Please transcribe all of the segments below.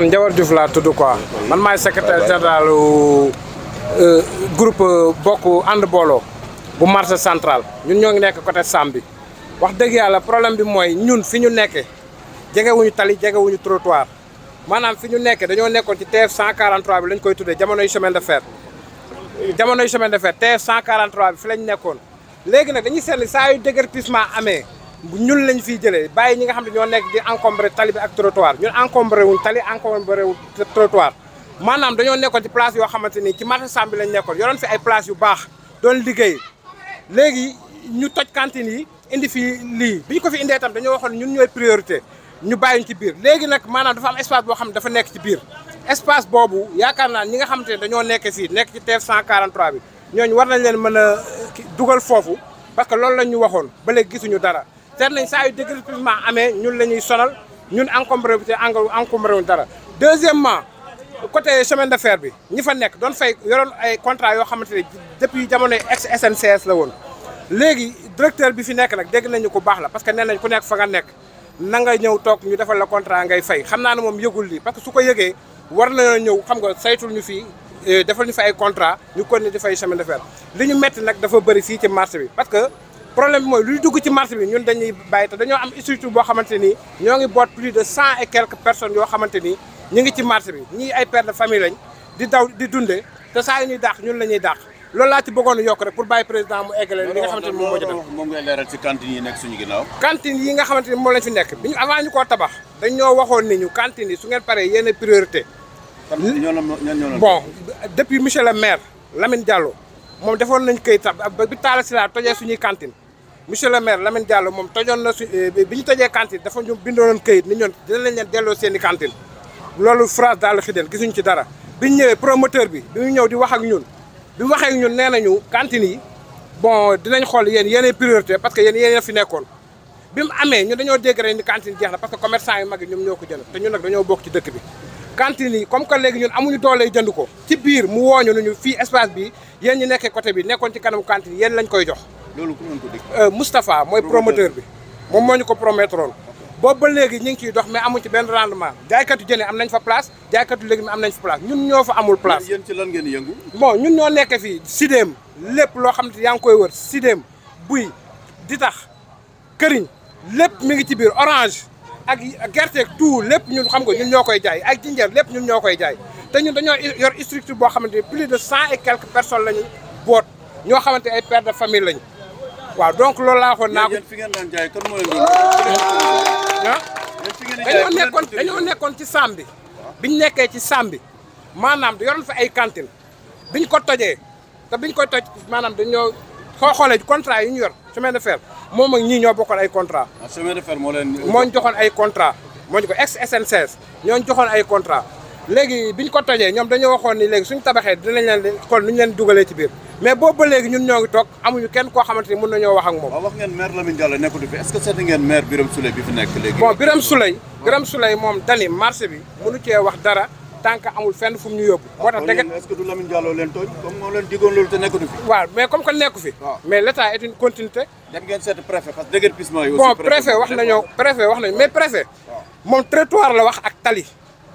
man Ndiawar Diouf laa tudd quoi man maay secrétaire général euh, groupe euh, bokk ànd booloo bu marché central ñun ñoo ngi nekk côté Sam bi wax dëgg yàlla problème bi mooy ñun fi ñu nekkee jegewuñu tali jegewuñu trottoir maanaam fi ñu nekkee dañoo nekkoon ci TF 143 bi lañ koy tuddee jamonoy chemin de fer jamonoy chemin de fer TF 143 bi fi lañ nekkoon léegi nag dañu seetlu saa yu déguerpissement amee ñun lañ fiy jëlee bàyyi ñi nga xam ne ñoo nekk di encombré tali ak trottoir ñu encombré wuñ tali encombré wuñ trottoir maanaam dañoo nekkoon ci place yoo xamante ni ci marché Samb bi lañ nekkoon yoroon fi ay place yu baax doon liggéey léegi ñu toj cantine yi indi fi lii bi ñu ko fi indee tam dañoo waxoon ñun ñooy priorité ñu bàyyiñ ci biir léegi nag maanaam dafa am espace boo xam ne dafa nekk ci biir espace boobu yaakaar naa ñi nga xamante ne dañoo nekke si nekk ci cent TF 143 bi ñooñu war nañ leen mën a dugal foofu parce que loolu la ñu waxoon ba léegi gisuñu dara Nous nous ñun deuxièmement côté chemin d'affaires, bi ñi fa doon fay contrat depuis jamono ex SNCS la directeur bi fi dégg nañu la parce que le ku nekk fa nga nekk. na nga ñew tok ñu la contrat ngay fay xamna mom parce que suko ko war na xam nga saytul ñu eh, ñu ay contrat ñu ne di chemin d'affaires. Nous metti marché parce que problème moy luy dugg ci marché bi ñun dañuy bàyyi té dañu am structure bo xamanteni ni ñoo ngi boot plus de 100 et quelques personnes yo xamanteni ni ngi ci marché bi ñi ay père de famille lañ di daw di dundé té saa ñuy dàq ñun lañuy ñuy dàq loolu laa ci bëggono yok rek pour bàyyi président mu eggale li nga xamanteni mo moom moo ci def moom ci cantine yi nekk suñu ginnaw cantine yi nga xamanteni mo lañ fi nekk biñu ñu avant ñu tabax dañ ñoo waxoon ni ñu cantine su ngeen paré yéne priorité bon depuis monsieur le maire Lamine Diallo mom defoon nañ koy tab bi taala si laa tojee cantine monsieur le maire Lamine Diallo moom tojoon na su eh, bi ñu tojee cantine dafa ñu bindoon këyit ni ñoon i cantine loolu bi ñu ñëwee promoteur bi bi ñu ñëw wax ak ñun bi mu waxee ak ñun nee nañu cantine yi bon dinañ xool yéen yéenay priorité parce que yéen yéen ñoo ko jënd te ñun nag dañoo amuñu doolee jënd ko ci biir mu wooñu nañu fii espace bi yéen ñu nekkee côté bi nekkoon ci kanam cantine yéen lañ koy jox loolu ku doon ko dégg. Euh, Moustapha mooy promoteur bi moom moo ñu ko promettre woon boobu ba léegi ñu ngi ciy dox mais amuñ ci benn rendement jaaykatu jëne am nañ fa place jaaykatu légumes am nañ fa place ñun ñoo fa amul place. yéen ci lan ngeen yëngu. bon ñun ñoo nekk fii sidéem lépp loo xam ne yaa ngi koy wër sidéem buy di tax këriñ lépp mi ngi ci biir orange ak gerte tout lépp ñun xam nga ñun ñoo koy jaay ak jinjeer lépp ñun ñoo koy jaay te ñun dañoo yor structure boo xamante ne plus de cent et quelques personnes lañu boot ñoo xamante ay pères famille lañu. waaw donc loolu laa waxoon naa ko. fi ngeen daan jaay kon moo leen doon. ah. dañoo nekkoon dañoo nekkoon ci saam bi. biñ nekkee ci saam bi maanaam yoroon fa ay cantine biñ ko tojee te biñ ko toj maanaam dañoo soo xoolee contrat yi ñu yor chemin de fer moom ak ñii ñoo bokkoon ay contrat. Ah, chemin de moo moo ñu joxoon ay contrat moo ñu ko ex ñoo ñu joxoon ay contrat léegi biñ ko tojee ñoom dañoo waxoon ni léegi suñ tabaxee dinañ leen kon nuñ leen dugalee ci biir mais boobu ba léegi ñun ñoo toog amuñu kenn koo xamante ni mën nañoo wax ak moom. waaw wax ngeen maire Lamine Diallo nekkatu fi est-ce que seeti ngeen maire Birame Souleye bi fi nekk léegi. moom dani marché bi mënu cee wax dara tant que amul fenn fu mu ñu yóbbu. Ah, moo tax dëgg est-ce que du Lamine Diallo leen tooñ comme moo leen digoon loolu te nekkatu fi. waaw mais comme que nekku fi. Ah. mais l'État est une continuité. bon préfet wax nañoo préfet wax ah. moom trottoir la wax ak tali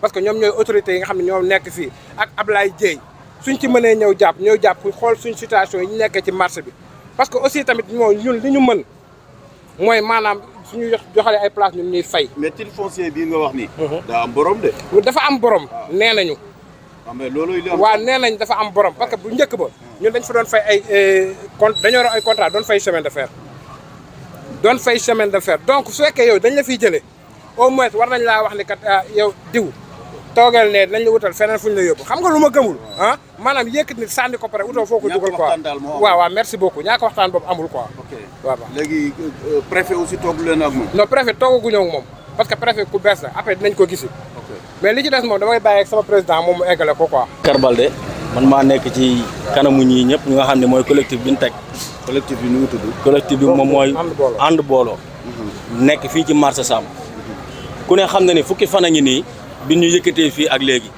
parce que nous sommes autorités nga xamni ñom nek fi ak Ablaye suñ ci situation yi ñu parce que aussi tamit ñun li ñu mën moy places suñu ay place ñuy fay. mais til foncier bi nga wax ni mhm. da am borom de. dafa am borom ah. nenañu ah, am borom parce que bu ba ñun dañ fa doon fay ay eh, ay contrat doon fay chemin de doon chemin de donc su fekkee yow dañ au moins war nañ wax ni kat ah, yow diw toogal ne dinañ la wutal feneen fuñ la yóbbu xam nga lu ma gëmul ah maanaam yëkkat nit sànni ko pare utoo foo ko dugal quoi waaw waaw merci beaucoup ñaa ko waxtaan boobu amul quoi waaw léegi euh, préfet aussi toogu leen ak moom non moom parce que préfet ku bees la après dinañ ko gisi mais li ci des moom damay bàyyi ak sama président moom eggale ko quoi Kër Balde man maa nekk ci kanamu ñii ñëpp ñu nga xam ne mooy collectif bi ñu teg collectif bi nu mu tudd bi moom mooy ànd booloo mhm. nekk fii ci marché Sam ku ne xam na ni fukki fan a ngi nii bi ñu yëkkatee fii ak léegi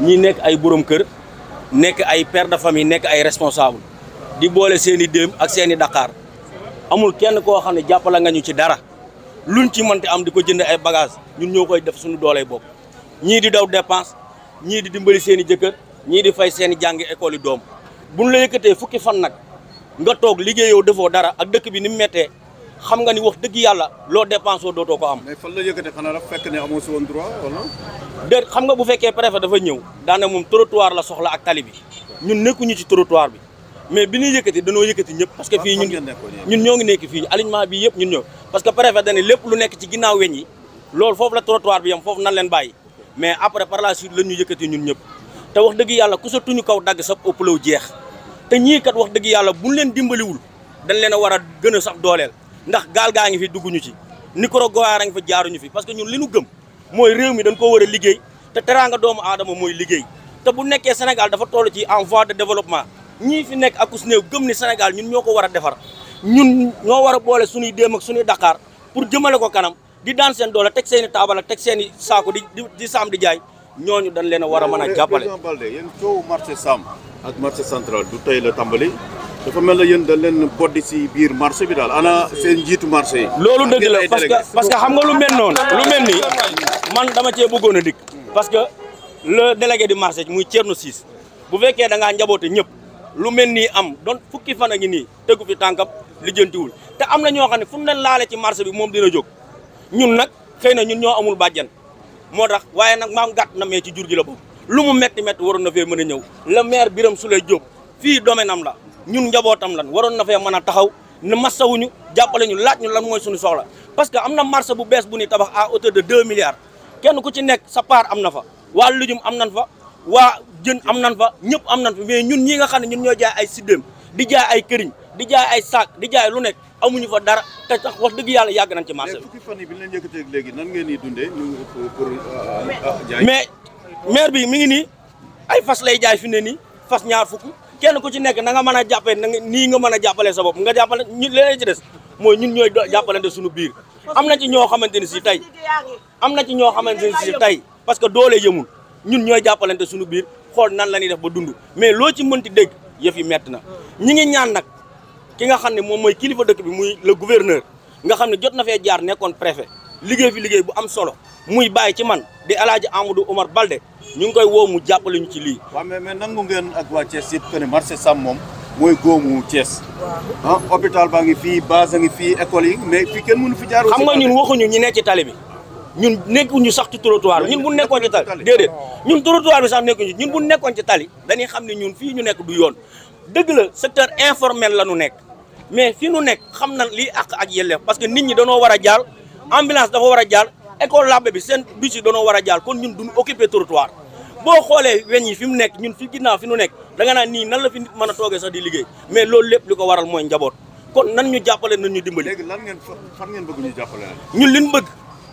ñi nekk ay borom kër nekk ay père de famille nekk ay responsable di boole seen i ak seen i daqaar amul kenn koo xam ne jàppale nga ñu ci dara luñ ci mënti am di ko jënd ay bagage ñun ñoo koy def suñu dooley bopp ñii di daw dépense ñii di dimbali seen i jëkkër ñii di fay seen i jàngi école yi doom buñ la yëkkatee fukki fan nag nga toog liggéeyoo defoo dara ak dëkk bi ni mu méttee xam nga ni wax dëgg yàlla loo dépense woo dootoo ko am. mais fan la yëkkate xanaa dafa fekk ne xam nga bu fekkee préfet dafa ñëw daana moom trottoir la soxla ak tali bi ñun nekkuñu ci trottoir bi mais bi ñuy yëkkati danoo yëkkati ñëpp. parce que fii ñun ngi nekk fii alignement bi yëpp ñun ñoo parce que préfet dañ ne lépp lu nekk ci ginnaaw weñ yi loolu foofu la trottoir bi yam foofu nan leen bàyyi mais après par la suite la ñu ñun ñëpp te wax dëgg yàlla ku sa tuñu kaw dagg sa ëpp law jeex te ñii kat wax dëgg yàlla bu buñ leen dimbaliwul dañ leen a war a gën a sax dooleel ndax gaal gaa ngi fi dugguñu ci Nicaragua a ngi fa jaaruñu fi parce que ñun li ñu gëm mooy réew mi dañ ko war a liggéey te teraanga doomu aadama mooy liggéey te bu nekkee Sénégal dafa toll ci en de développement ñii fi nekk ak akus néew gëm ni Sénégal ñun ñoo ko war a defar ñun ñoo war a boole suñuy déem ak suñuy Dakar pour jëmale ko kanam di daan seen doole teg seen i taabal teg seen i saako di di saam di jaay ñu dañ leen a war a mën a jàppale. yéen coow marché Sam ak marché central du tey dafa mel yeen da len boddi ci biir marché bi dal ana seen jitu marché lolu deug la parce que parce que xam nga lu mel non lu mel ni man dama ci bëggona dik parce que le délégué du marché muy Thierno Sis bu fekke da nga njaboté ñepp lu mel ni am don fukki fan ak ni teggu fi tankam lijeentiwul te am na ño xamne fu len laalé ci marché bi mom dina jog ñun nak xeyna ñun ño amul bajjan motax waye nak maam gatt na me ci jur gi la bok lu mu metti metti waron fe mëna ñew le maire biram sulay job fi domaine am la ñun njabotam lan waron na fee mën taxaw ne massawuñu jàppale ñu laaj ñu lan moy suñu soxla parce que amna marché bu bes bu ni tabax à hauteur de 2 milliards kenn ku ci nek sa part amna fa wa lujum amna fa wa jeun amna fa ñepp amna fa mais ñun ñi nga xamne ñun ñoo jaay ay sidem di jaay ay kërign di jaay ay sac di jaay lu nek amuñu fa dara te tax wax deug yalla yag nañ ci marché mais fukki fan yi bi leen nan ngeen dundé ñu pour euh, euh, jaay mais maire bi mi ngi ni ay fas lay jaay fi ne ni fas ñaar fukk kenn ku ci nekk nanga nga mën a jàppee na nga nii nga mën a jàppalee sa bopp nga jàppale ñu leneen ci des mooy ñun ñooy jàppalante suñu biir am na ci ñoo xamante ni si tey am na ci ñoo xamante ni si tey parce que doole yëmul ñun ñooy jàppalante suñu biir xool nan la ñuy def ba dund mais loo ci mënti dégg yëf yi metti na ñi ngi ñaan nag ki nga xam ne moom mooy kilifa dëkk bi muy le gouverneur nga xam ne jot na fee jaar nekkoon préfet liggéey fi liggéey bu am solo muy bàyyi ci man di alaaji Amadou Omar Balde ñu ngi koy woo mu jàppale ñu ci li wa mais mais nangu ngeen ak wa Thiès yëpp kone marché Sam mom, mooy góomu Thiès. ah hôpital baa ngi fi, base ngi fi école yi mais fi kenn mënu fi jaar. xam nga ñun waxu ñu nekk ci talibi ñun ñun ñu sax ci trottoir ñun bu nekkon ci tali déedéet ñun trottoir bi sax ñu ñun bu nekkon ci tali dañuy xam ne ñun fi ñu nekk du yoon deug la secteur informel la ñu nekk mais fi ñu nekk xam na li ak ak yelleef parce que nit ñi dañoo wara jaar ambulance dafa wara jaar école labbe bi sen bi ci dañoo wara jaar kon ñun duñu occuper trottoir boo xoolee weñ yi fi mu nekk ñun fi ginnaaw fi nu nekk da nga naan nii nan la fi nit mën a toogee sax di liggéey mais lool lépp li ko waral mooy njaboot kon nan ñu jàppale nan ñu dimbali. léegi ngeen fan ngeen bëgg ñu jàppale bëgg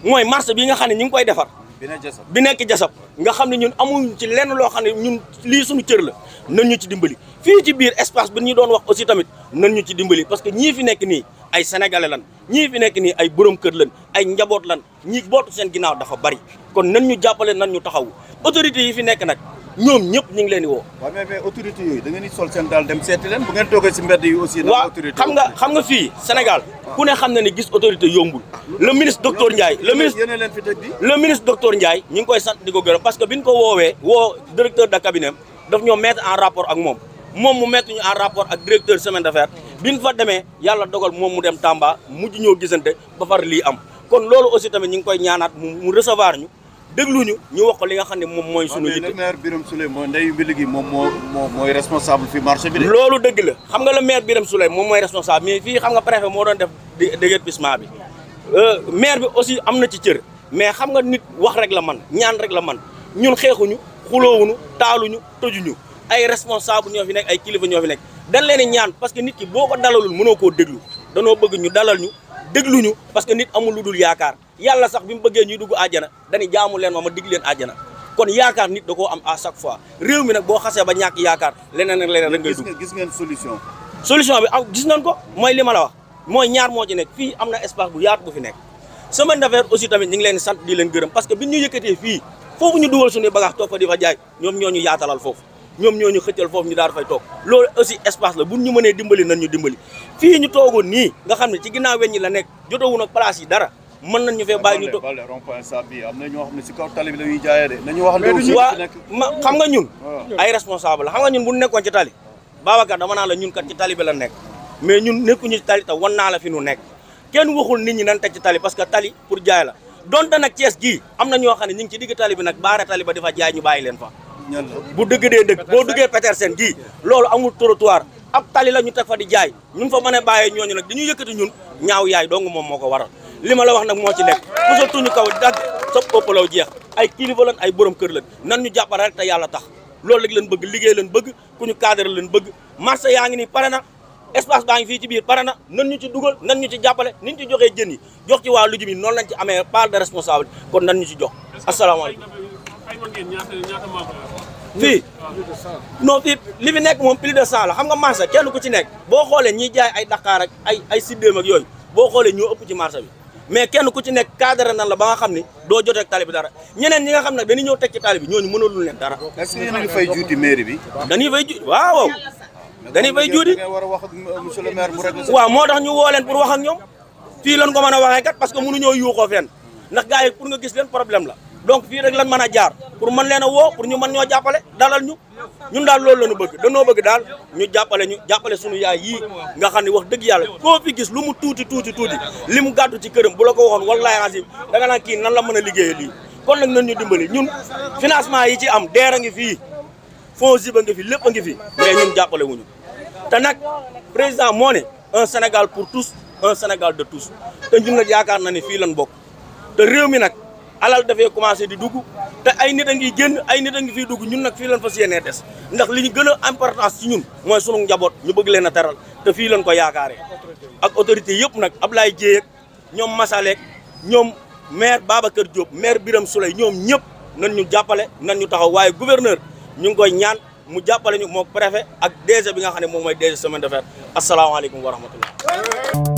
mooy marché bi nga xam ne ñu ngi koy defar bi nekk jasab nga xam ne ñun amuñu ci lenn loo xam ne ñun lii suñu cër la nan ñu ci dimbali fii ci biir espace bi ñu doon wax aussi tamit nan ñu ci dimbali parce que ñii fi nekk nii ay sénégalais lan ñii fi nekk nii ay borom kër lan ay njaboot lan ñii bootu seen ginaaw dafa bari kon nan ñu jàppale nan ñu taxaw autorités yi fi nekk nag ñoom ñëpp ñu ngi leen di woo. waaw mais mais autorité yooyu da ngeen di sol seen daal dem seeti leen bu ngeen toogee si mbedd yi aussi. waaw xam nga xam nga fii Sénégal ku ne xam na ne gis autorité yombul. le ministre docteur Ndiaye. le ministre yéen leen fi teg bi. le ministre docteur Ndiaye koy sant di ko gërëm parce que bi ñu ko woowee. woo directeur de cabinet ñoo mettre en rapport ak moom moom mu mettre ñu rapport ak directeur semaine d'affaires bi ñu fa demee yàlla dogal moom mu dem Tamba mujj ñoo gisante ba far lii am kon loolu aussi tamit ñu ngi koy ñaanaat mu recevoir ñu déglu ñu wax ko li nga xam mom moy suñu sunu yitte maire biram soulay mo ndey bi ligi mom mo moy responsable fi marché bi de loolu dëgg la xam nga le maire biram soulay mom moy responsable mais fi xam nga préfet mo doon def déguerpissement bi euh, maire bi aussi amna ci cieur mais xam nga nit wax rek la man ñaan rek la man ñun xeexuñu xulowuñu taaluñu tojuñu ay responsable ñofi nek ay kilifa ñofi nek dañ leen ñaan parce que nit ki boko dalalul mëno ko déglu danoo bëgg ñu dalal ñu déglu ñu parce que nit amul luddul yaakar yàlla sax bi mu bëggee ñuy dugg àjjana dañu jaamu leen ma ma dig leen àjjana kon yaakaar nit da am à chaque fois réew mi nag boo xasee ba ñàkk yaakaar leneen ak leneen rek ngay dugg gis ngeen solution solution bi aw gis nañ ko mooy li la wax mooy ñaar moo ci nekk fii am na espace bu yaat bu fi nekk semaine d'affaires aussi tamit ñu ngi leen sant di leen gërëm parce que bi ñu yëkkatee fii foofu ñu dugal suñu bagage toog fa di fa jaay ñoom ñoo ñu yaatalal foofu ñoom ñoo ñu xëccal foofu ñu daal fay toog loolu aussi espace la bu ñu mënee dimbali nan ñu dimbali fii ñu toogoon nii nga xam ne ci ginnaaw weñ ñi la nekk jotowu nag place yi dara mën nañ ñu fee bàyyi ñu toog balde rond point sabi am na ñoo xam ne kaw tali bi la ñuy jaayee de nañu wax ne waa xam nga ñun ah. ay responsable la xam nga ñun bu nekkoon ci tali Babacar dama naa la ñun kat ci tali bi la nekk mais ñun nekkuñu ci tali te wan naa la fi nu nekk kenn waxul nit ñi nan teg ci tali parce que tali pour jaay la donte nag Thiès gii am na ñoo xam ne ñu ci digg tali bi nag baara tali ba di fa jaay ñu bàyyi leen fa bu dëgg dee dëgg boo duggee Petersen gii loolu amul trottoir ab tali la ñu teg fa di jaay ñun fa mën a bàyyee ñooñu nag dañuy ñun ñaaw yaay dong moom moo ko waral li ma la wax nag moo ci nekk puso tuñu kaw dagg sab ëppalaw jeex ay kilifa ay borom kër lan nan ñu jàppale rek te yàlla tax loolu rek leen bëgg liggéey leen bëgg ku ñu cadre leen bëgg marché yaa ngi nii pare na espace baa ngi fii ci biir pare na nan ñu ci dugal nan ñu ci jàppale ni ñu ci joxee jën yi jox ci waa lujum yi noonu lañ ci amee part de responsable kon nan ñu ci jox asalaamaaleykum fii non fii li fi nekk moom pili de cent xam nga marché kenn ku ci nekk boo xoolee ñiy jaay ay Dakar ay ay ak yooyu boo xoolee ñoo ëpp ci marché bi mais kenn ku ci nekk cadre nan la ba nga xam ni doo jotee ak tali bi dara ñeneen ñi nga xam nag dañuy ñëw teg ci tali bi ñooñu mënalul leen dara. est-ce que a ngi fay juuti mairie waaw dañuy fay juuti waaw moo tax ñu woo leen pour wax ak ñoom fii lañ ko mën a waxee kat parce que mënuñoo yuuxoo fenn ndax gars yi pour nga gis leen problème la donc fi rek lan mën jaar pour mën leena wo pour ñu mën ñoo jappalé dalal ñu ñun dal loolu lañu bëgg dañu bëgg dal ñu jappalé ñu jappalé suñu yaay yi nga xamni wax dëgg yalla ko fi gis lu mu tuuti tuuti tuuti limu gaddu ci kërëm bu la ko waxon wallahi azim da nga naan ki nan la mëna liggéey li kon nak nañu dimbali ñun financement yi ci am déra nga fi fonds yi ba nga fi lepp nga fi mais ñun jappalé wuñu te nak président mo né un Sénégal pour tous un Sénégal de tous te ñun nak yaakaar na ni fi lañ bok te réew mi nak alal dafay commencé di dugg te ay nit a ngi génn ay nit a ngi fiy dugg ñun nag fii lañ fas yéenee des ndax li ñu gën a importance ci ñun mooy sunu njaboot ñu bëgg leen a teral te fii lañ ko yaakaaree ak autorité yëpp nag Ablaye Dieye ak ñoom Massalek ñoom maire Babacar Diop maire Birame Souley ñoom ñëpp nan ñu jàppale nan ñu taxaw waaye gouverneur ñu ngi koy ñaan mu jàppale ñu mook préfet ak DG bi nga xam ne moom mooy DG semaine de fer asalaamaaleykum wa rahmatullah